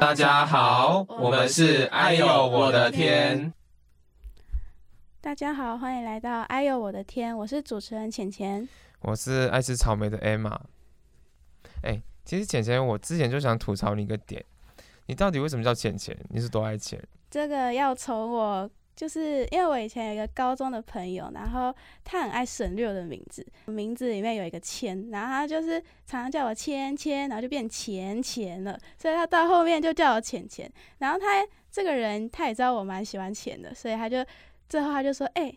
大家好，我們是哎呦我的天！大家好，歡迎來到哎呦我的天！我是主持人錢錢，我是愛吃草莓的 Emma。哎、欸，其實錢錢，我之前就想吐槽你一個點，你到底為什麼叫錢錢？你是多愛錢？這個要從我。就是因為我以前有一個高中的朋友，然後他很愛省略的名字，名字裡面有一個“錢”，然後他就是常常叫我“千千”，然後就變“錢錢”了，所以他到後面就叫我“錢錢”。然後他這個人他也知道我蠻喜歡錢的，所以他就最後他就說：“哎，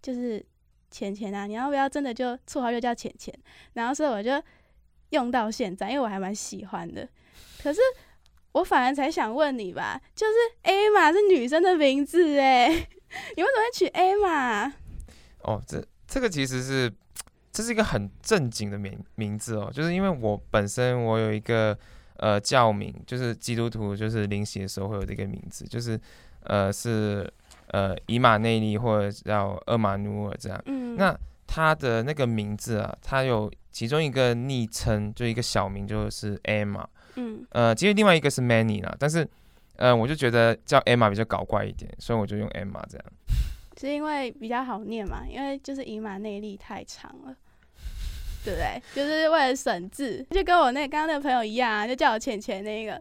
就是錢錢啊，你要不要真的就綽號就叫錢錢？”然後所以我就用到現在，因為我還蠻喜歡的。可是我反而才想問你吧，就是 Emma 是女生的名字哎。你為什麼會取 Emma 啊？哦，這這個其實是這是一個很正經的名名字哦，就是因為我本身我有一個呃教名，就是基督徒就是領洗的時候會有這個名字，就是呃是呃以馬內利或者叫厄瑪努爾這樣。嗯。那他的那個名字啊，他有其中一個昵稱，就一個小名，就是 Emma。嗯。呃，其實另外一個是 Manny 啦，但是。嗯，我就覺得叫 Emma 比較搞怪一點，所以我就用 Emma 這樣。是因為比較好念嘛？因為就是以馬內利太長了， 對不對？就是為了省字，就跟我那剛剛那個朋友一樣啊，就叫我錢錢那個。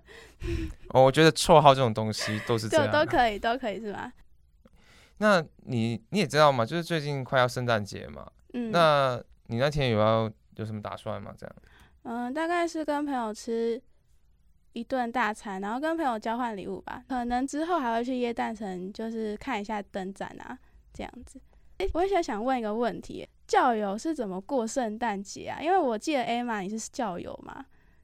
哦，我覺得綽號這種東西都是都 都可以都可以是嗎？那你你也知道嘛，就是最近快要聖誕節嘛，嗯，那你那天有要有，有什麼打算嗎？這樣？嗯、呃，大概是跟朋友吃。一頓大餐，然後跟朋友交換禮物吧。可能之後還會去耶誕城，就是看一下燈展啊，這樣子。哎、欸，我也想問一個問題：教友是怎麼過聖誕節啊？因為我記得 Emma 也是教友嘛，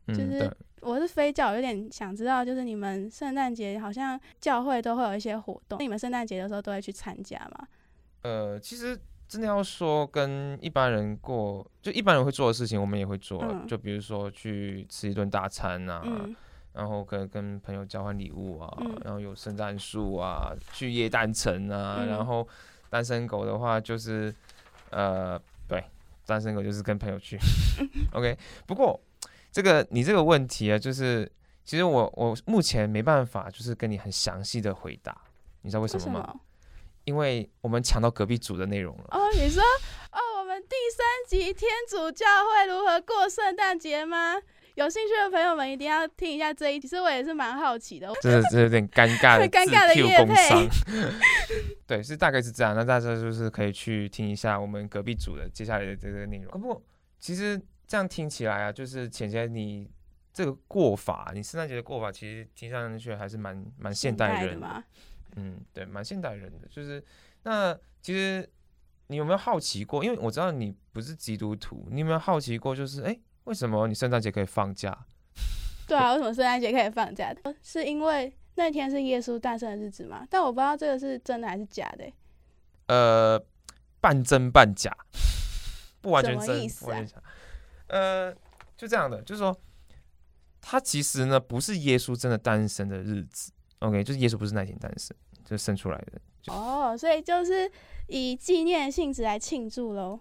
就是我是非教，有點想知道，就是你們聖誕節好像教會都會有一些活動，那你們聖誕節的時候都會去參加嗎？呃，其實真的要說跟一般人過，就一般人會做的事情，我們也會做。嗯、就比如說去吃一頓大餐啊。嗯然後可跟,跟朋友交換禮物啊，嗯、然後有聖誕樹啊，去耶誕城啊，嗯、然後單身狗的話就是，呃，對，單身狗就是跟朋友去。嗯、 OK，不過這個你這個問題啊，就是其實我我目前沒辦法就是跟你很詳細的回答，你知道為什麼嗎？為什麼因為我們搶到隔壁組的內容了。哦，你說哦，我們第三集天主教會如何過聖誕節嗎？有興趣的朋友們一定要聽一下這一集，其實我也是蠻好奇的，這這有點尷尬的 Q 工商， 對，是大概是這樣。那大家就是可以去聽一下我們隔壁組的接下來的這個內容。可不過，其實這樣聽起來啊，就是錢錢你這個過法，你聖誕節的過法，其實聽上去還是蠻蠻現代人的，代的嗯，對，蠻現代人的，就是那其實你有沒有好奇過？因為我知道你不是基督徒，你有沒有好奇過？就是哎。欸為什麼你聖誕節可以放假？對啊，為什麼聖誕節可以放假？是因為那天是耶穌誕生的日子嘛？但我不知道這個是真的還是假的，欸。呃，半真半假，不完全真。什麼意思啊？我跟你講。呃，就這樣的，就是說，他其實呢，不是耶穌真的誕生的日子。OK，就是耶穌不是那天誕生，就生出來的。哦，所以就是以紀念的性質來慶祝嘍。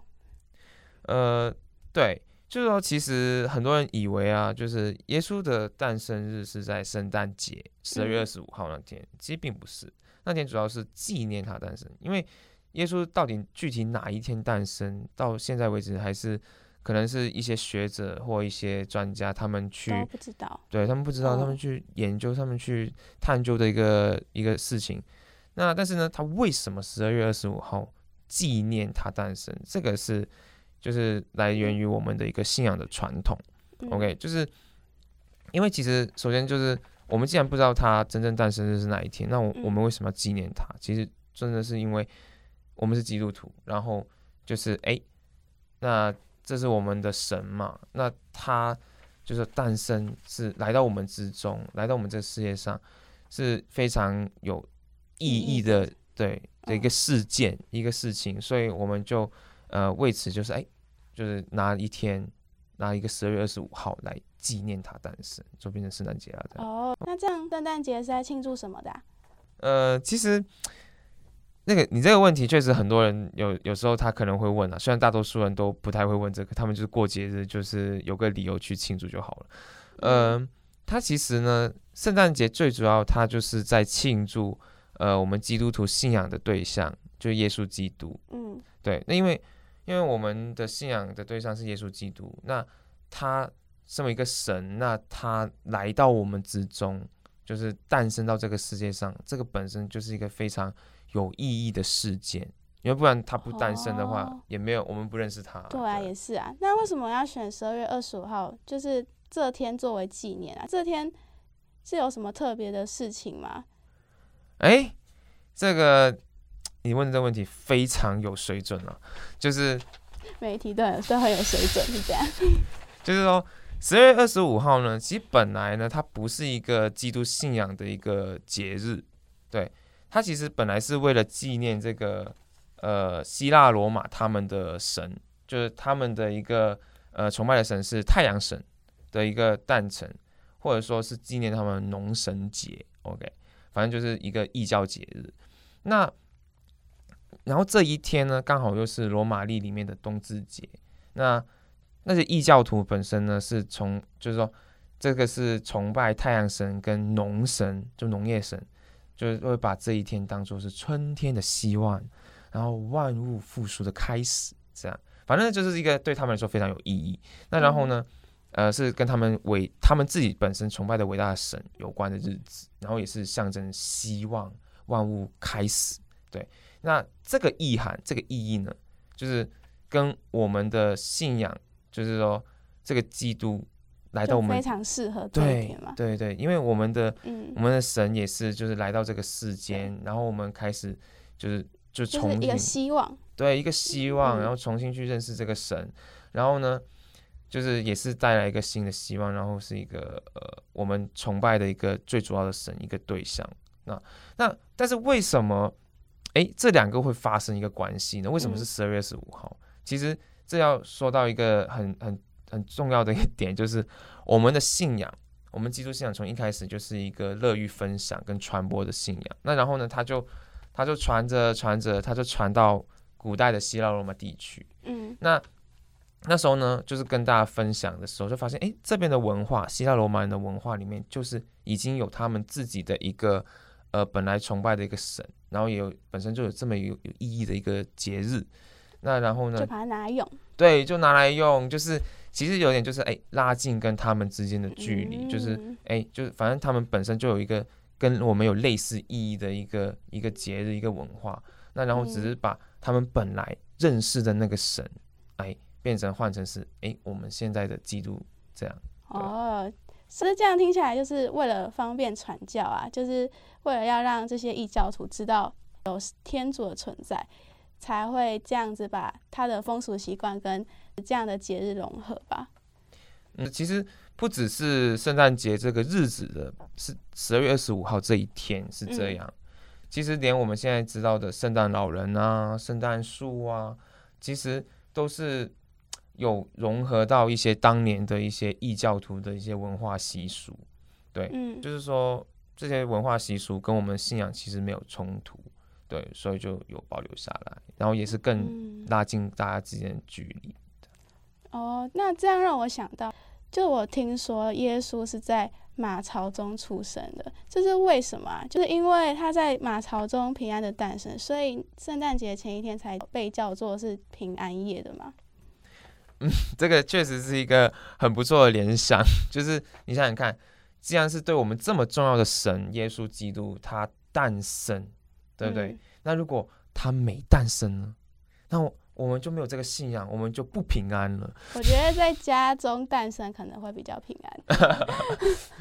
呃，對。就是說，其實很多人以為啊，就是耶穌的誕生日是在聖誕節，十二月二十五號那天，嗯、其實並不是。那天主要是紀念他誕生，因為耶穌到底具體哪一天誕生，到現在為止還是可能是一些學者或一些專家他們去不知道，對，他們不知道，嗯、他們去研究、他們去探究的一個一個事情。那但是呢，他為什麼十二月二十五號紀念他誕生？這個是。就是來源於我們的一個信仰的傳統，OK，就是因為其實首先就是我們既然不知道他真正誕生的是哪一天，那我我們為什麼要紀念他？其實真的是因為我們是基督徒，然後就是哎，那這是我們的神嘛，那他就是誕生是來到我們之中，來到我們這個世界上是非常有意義的，對，的一個事件，一個事情，所以我們就。呃，為此就是哎，就是拿一天，拿一個十二月二十五號來紀念他，但是就變成聖誕節了，這樣。哦，那這樣聖誕節是在慶祝什麼的啊？呃，其實那個你這個問題確實很多人有，有時候他可能會問啊。雖然大多數人都不太會問這個，他們就是過節日，就是有個理由去慶祝就好了。呃，他其實呢，聖誕節最主要他就是在慶祝呃我們基督徒信仰的對象，就是耶穌基督。嗯，對，那因為。因為我們的信仰的對象是耶穌基督，那他身為一個神，那他來到我們之中，就是誕生到這個世界上，這個本身就是一個非常有意義的事件。因為不然他不誕生的話，哦、也沒有我們不認識他。對啊，對也是啊。那為什麼要選十二月二十五號，就是這天作為紀念啊？這天是有什麼特別的事情嗎？哎，這個。你問這個問題非常有水準啊，就是每一題都很都很有水準，是這樣。就是說，十二月二十五號呢，其實本來呢，它不是一個基督信仰的一個節日，對，它其實本來是為了紀念這個呃希臘羅馬他們的神，就是他們的一個呃崇拜的神是太陽神的一個誕辰，或者說是紀念他們農神節，OK，反正就是一個異教節日。那然後這一天呢，剛好又是羅馬曆裡面的冬至節。那那些異教徒本身呢，是從就是說，這個是崇拜太陽神跟農神，就農業神，就會把這一天當做是春天的希望，然後萬物復甦的開始。這樣，反正就是一個對他們來說非常有意義。那然後呢，嗯、呃，是跟他們偉他們自己本身崇拜的偉大的神有關的日子，然後也是象徵希望萬物開始，對。那這個意涵，這個意義呢，就是跟我們的信仰，就是說，這個基督來到我們非常適合，對對對，因為我們的，嗯，我們的神也是，就是來到這個世間，嗯、然後我們開始就是就從一個希望，對，一個希望，然後重新去認識這個神，嗯、然後呢，就是也是帶來一個新的希望，然後是一個呃，我們崇拜的一個最主要的神，一個對象。那那但是為什麼？哎，這兩個會發生一個關係呢？為什麼是十二月二十五號？嗯、其實這要說到一個很很很重要的一點，就是我們的信仰，我們基督信仰從一開始就是一個樂於分享跟傳播的信仰。那然後呢，他就他就傳着傳着，他就傳到古代的希臘羅馬地區。嗯，那那時候呢，就是跟大家分享的時候，就發現，哎，這邊的文化，希臘羅馬人的文化裡面，就是已經有他們自己的一個。呃，本來崇拜的一個神，然後也有本身就有這麼有有意義的一個節日，那然後呢？就把它拿來用。對，就拿來用，就是其實有點就是誒、哎，拉近跟他們之間的距離，嗯、就是誒、哎，就是反正他們本身就有一個跟我們有類似意義的一個一個節日，一個文化，那然後只是把他們本來認識的那個神，嗯、哎，變成換成是誒、哎，我們現在的基督這樣。哦。所以這樣聽起來，就是為了方便傳教啊，就是為了要讓這些異教徒知道有天主的存在，才會這樣子把他的風俗習慣跟這樣的節日融合吧。那、嗯、其實不只是聖誕節這個日子的，是十二月二十五號這一天是這樣。嗯、其實連我們現在知道的聖誕老人啊、聖誕樹啊，其實都是。有融合到一些當年的一些異教徒的一些文化習俗，對，嗯，就是說這些文化習俗跟我們信仰其實沒有衝突，對，所以就有保留下來，然後也是更拉近大家之間的距離，嗯。哦，那這樣讓我想到，就我聽說耶穌是在馬槽中出生的，這、就是為什麼啊？就是因為他在馬槽中平安的誕生，所以聖誕節前一天才被叫做是平安夜的嘛。嗯，這個確實是一個很不錯的聯想。就是你想想看，既然是對我們這麼重要的神耶穌基督，他誕生，對不對？嗯。那如果他沒誕生呢，那我們就沒有這個信仰，我們就不平安了。我覺得在家中誕生可能會比較平安。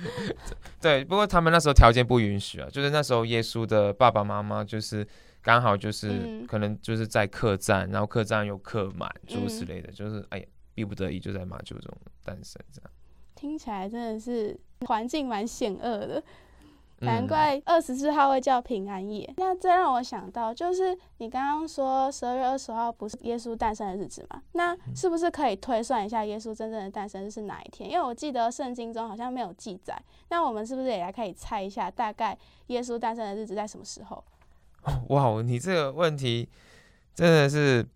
對，不過他們那時候條件不允許啊，就是那時候耶穌的爸爸媽媽就是。剛好就是可能就是在客棧，嗯、然後客棧又客滿，諸如此類的，嗯、就是哎呀，逼不得已就在馬廄中誕生這樣。聽起來真的是環境蠻險惡的，難怪二十四號會叫平安夜。嗯、那這讓我想到，就是你剛剛說十二月二十號不是耶穌誕生的日子嘛？那是不是可以推算一下耶穌真正的誕生日是哪一天？因為我記得聖經中好像沒有記載。那我們是不是也來可以猜一下，大概耶穌誕生的日子在什麼時候？哇，你這個問題真的是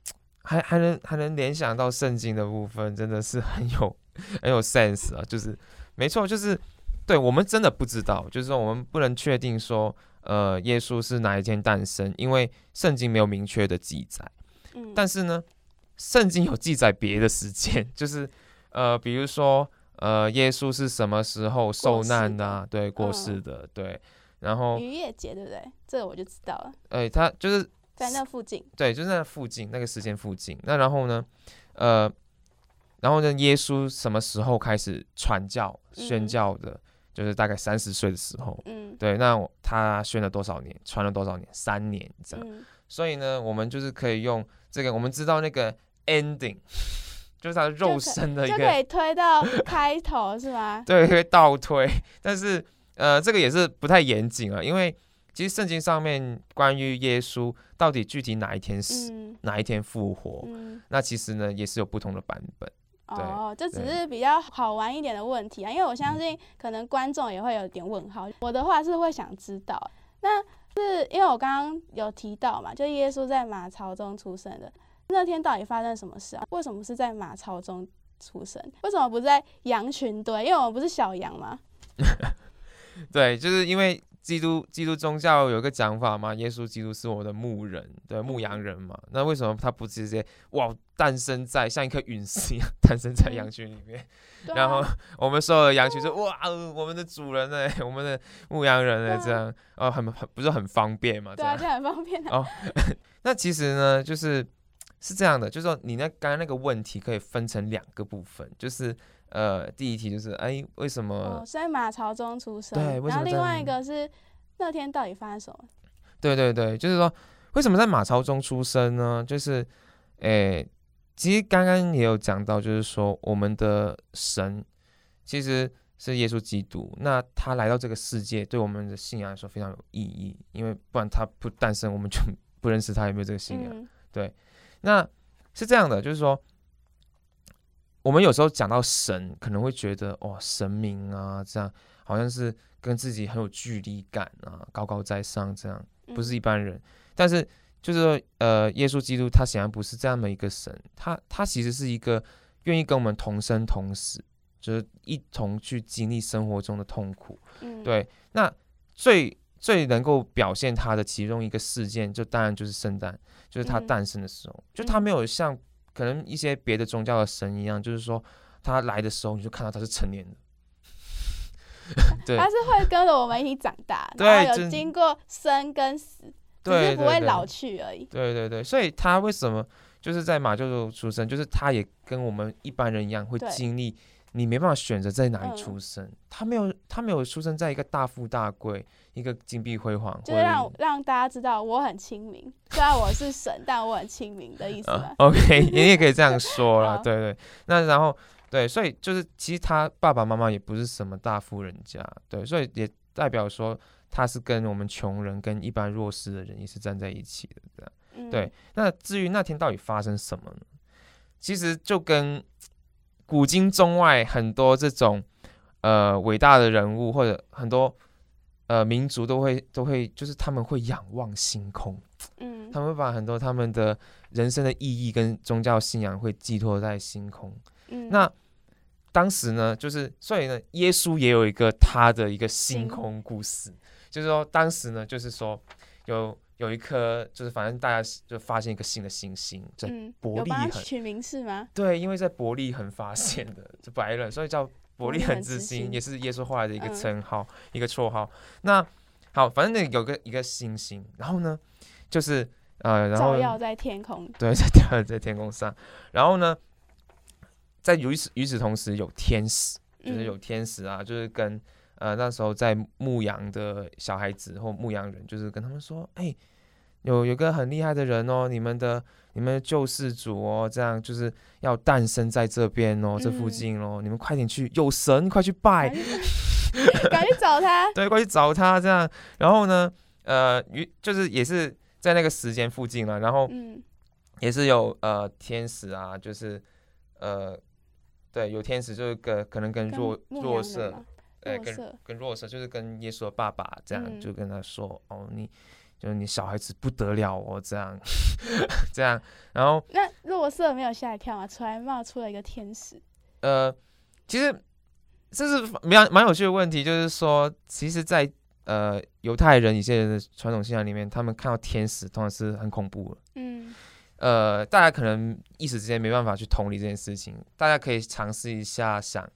還還能還能聯想到聖經的部分，真的是很有很有 sense 啊！就是沒錯，就是對，我們真的不知道，就是我們不能確定說，呃，耶穌是哪一天誕生，因為聖經沒有明確的記載。嗯。但是呢，聖經有記載別的時間，就是呃，比如說呃，耶穌是什麼時候受難吶、啊？過世。對，過世的，嗯。對。然後，逾越節對不對？這個、我就知道了。哎，、欸，他就是在那附近。對，就在、是、那附近，那個時間附近。那然後呢？呃，然後呢？耶穌什麼時候開始傳教、宣教的？嗯、就是大概三十歲的時候。嗯。對，那他宣了多少年？傳了多少年？三年這樣。嗯、所以呢，我們就是可以用這個，我們知道那個 ending，就是他肉身的一個，就可，就可以推到開頭 是嗎？對，可以倒推，但是。呃，這個也是不太嚴謹啊，因為其實聖經上面關於耶穌到底具體哪一天死，嗯、哪一天復活，嗯、那其實呢也是有不同的版本。哦，這只是比較好玩一點的問題啊，因為我相信可能觀眾也會有點問號。嗯、我的話是會想知道，那是因為我剛剛有提到嘛，就耶穌在馬槽中出生的那天到底發生什麼事啊？為什麼是在馬槽中出生？為什麼不在羊群堆？因為我們不是小羊嗎？ 對，就是因為基督基督宗教有個講法嘛，耶穌基督是我的牧人，對，牧羊人嘛。那為什麼他不直接哇誕生在像一顆隕石一樣誕生在羊群裡面？嗯、然後我們所有的羊群說、就是：“嗯、哇，我們的主人呢？我們的牧羊人呢？對這樣哦，很很不是很方便嘛？這樣這、啊、就很方便哦。那其實呢，就是。是這樣的，就是說你那剛剛那個問題可以分成兩個部分，就是呃，第一題就是哎，為什麼、哦、是在馬槽中出生？對，為什麼？然後另外一個是那天到底發生什麼？對對對，就是說為什麼在馬槽中出生呢？就是哎，其實剛剛也有講到，就是說我們的神其實是耶穌基督，那他來到這個世界對我們的信仰來說非常有意義，因為不然他不誕生，我們就不認識他，有沒有這個信仰，嗯、對。那是這樣的，就是說，我們有時候講到神，可能會覺得哦，神明啊，這樣好像是跟自己很有距離感啊，高高在上這樣，不是一般人。嗯、但是就是說，呃，耶穌基督他顯然不是這樣的一個神，他他其實是一個願意跟我們同生同死，就是一同去經歷生活中的痛苦。嗯、對，那最。最能夠表現他的其中一個事件，就當然就是聖誕，就是他誕生的時候。嗯、就他沒有像可能一些別的宗教的神一樣，嗯、就是說他來的時候你就看到他是成年的， 對他是會跟着我們一起長大，對然後有經過生跟死，對只是不會老去而已。對對對，所以他為什麼？就是在馬廄出生，就是他也跟我們一般人一樣會經歷，你沒辦法選擇在哪裡出生。嗯、他沒有，他沒有出生在一個大富大貴，一個金碧輝煌。就讓者讓大家知道我很親民，雖然我是神， 但我很親民的意思、啊。OK，你也可以這樣說了， 對，好對，對對。那然後對，所以就是其實他爸爸媽媽也不是什麼大富人家，對，所以也代表說他是跟我們窮人跟一般弱勢的人也是站在一起的這樣。嗯、對，那至於那天到底發生什麼呢？其實就跟古今中外很多這種呃偉大的人物或者很多呃民族都會都會，就是他們會仰望星空，嗯，他們會把很多他們的人生的意義跟宗教信仰會寄托在星空，嗯，那當時呢，就是所以呢，耶穌也有一個他的一個星空故事，嗯、就是說當時呢，就是說有。有一顆，就是反正大家就發現一個新的星星，嗯，伯利恆。有幫他取名字嗎？對，因為在伯利恆發現的， 就白了。所以叫伯利恆之星，嗯、也是耶穌後來的一個稱號，嗯、一個綽號。那好，反正那有個一個星星，然後呢，就是呃，然後照耀在天空。對，在在天空上。然後呢，在與此與此同時，有天使，就是有天使啊，嗯、就是跟。呃，那時候在牧羊的小孩子或牧羊人，就是跟他們說：“哎、欸，有有個很厲害的人哦，你們的你們的救世主哦，這樣就是要誕生在這邊哦，嗯、這附近哦，你們快點去，有神快去拜，趕緊緊 找他， 對，快去找他。這樣，然後呢，呃，與就是也是在那個時間附近了，然後，也是有呃天使啊，就是呃，對，有天使就是個可能跟若若瑟。跟跟若瑟就是跟耶穌的爸爸這樣，嗯、就跟他說：“哦，你就是你小孩子不得了哦。”這樣、嗯、 這樣，然後那若瑟沒有嚇一跳啊，出來冒出了一個天使。呃，其實這是蠻蠻有趣的問題，就是說，其實在，在呃猶太人一些人的傳統信仰裡面，他們看到天使通常是很恐怖的。嗯。呃，大家可能一時之間沒辦法去同理這件事情，大家可以嘗試一下想。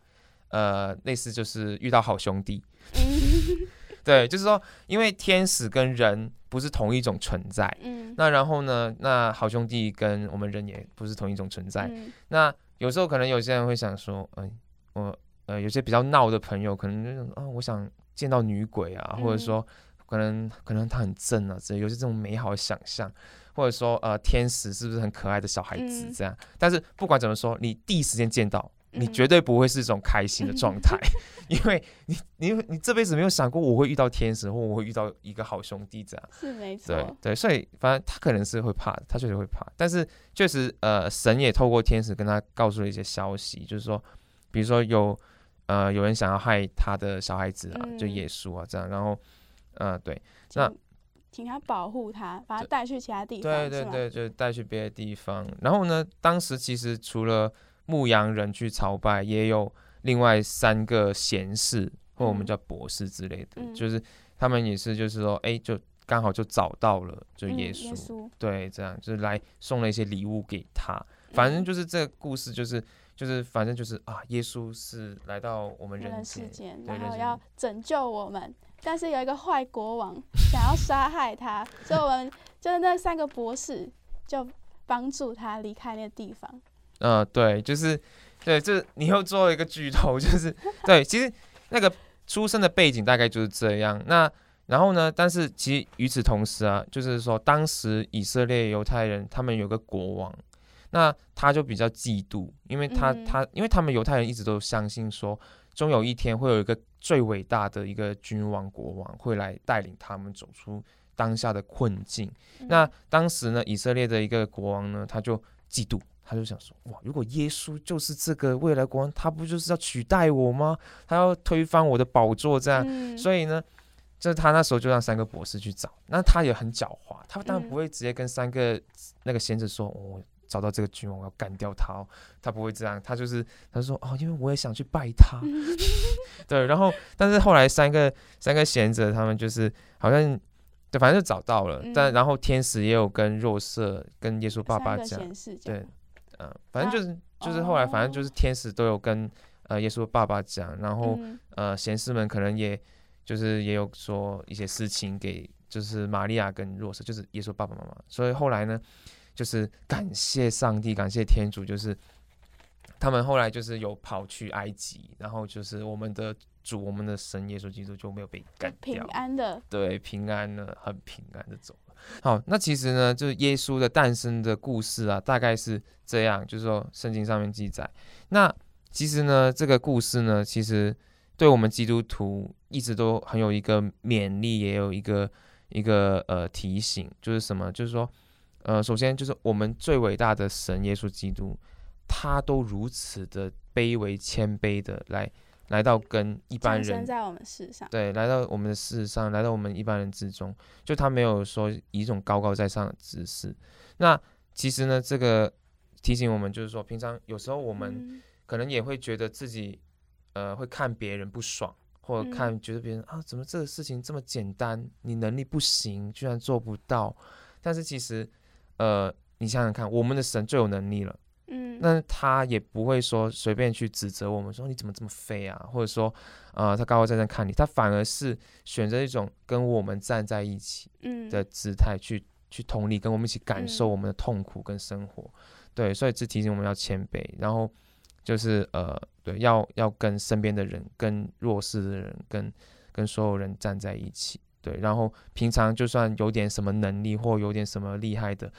呃，類似就是遇到好兄弟， 對，就是說，因為天使跟人不是同一種存在，嗯，那然後呢，那好兄弟跟我們人也不是同一種存在，嗯、那有時候可能有些人會想說，嗯、呃，我呃有些比較鬧的朋友，可能就是啊，我想見到女鬼啊，嗯、或者說可能可能他很正啊之類，這有些這種美好的想象，或者說呃天使是不是很可愛的小孩子這樣，嗯、但是不管怎麼說，你第一時間見到。你絕對不會是一種開心的狀態，嗯、 因為你、你、你這輩子沒有想過我會遇到天使，或我會遇到一個好兄弟這樣。是沒錯。對，所以反正他可能是會怕的，他確實會怕。但是確實，呃，神也透過天使跟他告訴了一些消息，就是說，比如說有呃有人想要害他的小孩子啊，嗯、就耶穌啊這樣。然後，嗯、呃，對，請那請他保護他，把他帶去其他地方。對，對對對，嗎就帶去別的地方。然後呢，當時其實除了牧羊人去朝拜，也有另外三個賢士，或我們叫博士之類的，嗯、就是他們也是，就是說，哎、欸，就剛好就找到了，就耶穌，嗯、耶穌。對，這樣就是來送了一些禮物給他。反正就是這個故事，就是就是反正就是啊，耶穌是來到我們人間，嗯、對，人間。然後要拯救我們，但是有一個壞國王想要殺害他， 所以我們就那三個博士就幫助他離開那個地方。嗯、呃，對，就是，對，這你又做了一個劇透，就是對，其實那個出生的背景大概就是這樣。那然後呢？但是其實與此同時啊，就是說當時以色列猶太人他們有個國王，那他就比較嫉妒，因為他、嗯、他因為他們猶太人一直都相信說，終有一天會有一個最偉大的一個君王國王會來帶領他們走出當下的困境。嗯、那當時呢，以色列的一個國王呢，他就嫉妒。他就想說，哇，如果耶穌就是這個未來國王，他不就是要取代我嗎？他要推翻我的寶座，這樣。嗯、所以呢，就是他那時候就讓三個博士去找。那他也很狡猾，他當然不會直接跟三個那個賢者說，嗯、哦，找到這個君王，我要幹掉他、哦。他不會這樣，他就是他就說，哦，因為我也想去拜他。嗯、 對，然後，但是後來三個三個賢者他們就是好像，對，反正就找到了。嗯、但然後天使也有跟若瑟跟耶穌爸爸講，這樣，對。嗯、呃，反正就是、啊、就是後來，反正就是天使都有跟、哦、呃耶穌的爸爸講，然後、嗯、呃賢士們可能也就是也有說一些事情給就是瑪利亞跟若瑟，就是耶穌爸爸媽媽。所以後來呢，就是感謝上帝，感謝天主，就是他們後來就是有跑去埃及，然後就是我們的主，我們的神耶穌基督就沒有被幹掉，平安的，對，平安的，很平安的走。好，那其實呢，就是耶穌的誕生的故事啊，大概是這樣，就是說聖經上面記載。那其實呢，這個故事呢，其實對我們基督徒一直都很有一個勉勵，也有一個一個呃提醒，就是什麼？就是說，呃，首先就是我們最偉大的神耶穌基督，他都如此的卑微謙卑的來。來到跟一般人正正在我們世上，對，來到我們的世上，來到我們一般人之中，就他沒有說以一種高高在上的姿勢。那其實呢，這個提醒我們就是說，平常有時候我們可能也會覺得自己，嗯、呃，會看別人不爽，或者看覺得別人、嗯、啊，怎麼這個事情這麼簡單，你能力不行，居然做不到。但是其實，呃，你想想看，我們的神最有能力了。那他也不會說隨便去指責我們，說你怎麼這麼廢啊？或者說，啊、呃、他高高在上看你，他反而是選擇一種跟我們站在一起的姿態，去、嗯、去同理，跟我們一起感受我們的痛苦跟生活。嗯、對，所以這提醒我們要謙卑，然後就是呃，對，要要跟身邊的人、跟弱勢的人、跟跟所有人站在一起。對，然後平常就算有點什麼能力或有點什麼厲害的，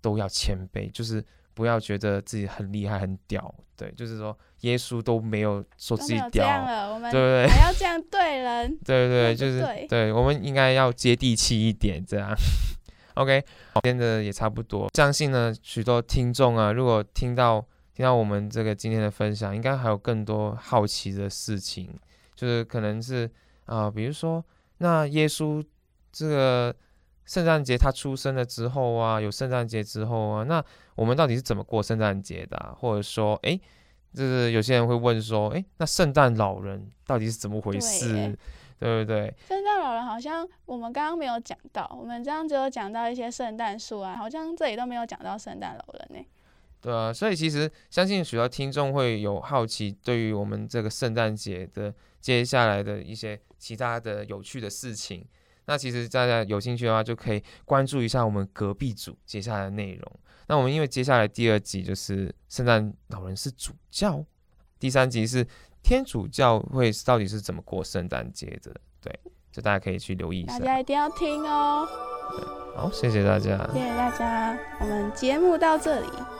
都要謙卑，就是。不要覺得自己很厲害、很屌，對，就是說耶穌都沒有說自己屌了對不對？還要這樣對人，對，對對，對就是對，我們應該要接地氣一點，這樣。 OK，今天的也差不多。相信呢，許多聽眾啊，如果聽到聽到我們這個今天的分享，應該還有更多好奇的事情，就是可能是啊、呃，比如說那耶穌這個。聖誕節他出生了之後啊，有聖誕節之後啊，那我們到底是怎麼過聖誕節的、啊？或者說，誒、欸，就是有些人會問說，誒、欸，那聖誕老人到底是怎麼回事？對不對？對耶。對對對。聖誕老人好像我們剛剛沒有講到，我們這樣只有講到一些聖誕樹啊，好像這裡都沒有講到聖誕老人呢。對啊，所以其實相信許多聽眾會有好奇，對於我們這個聖誕節的接下來的一些其他的有趣的事情。那其實大家有興趣的話，就可以關注一下我們隔壁組接下來的內容。那我們因為接下來第二集就是聖誕老人是主教，第三集是天主教會到底是怎麼過聖誕節的，對，就大家可以去留意一下。大家一定要聽哦。好，謝謝大家，謝謝大家，我們節目到這裡。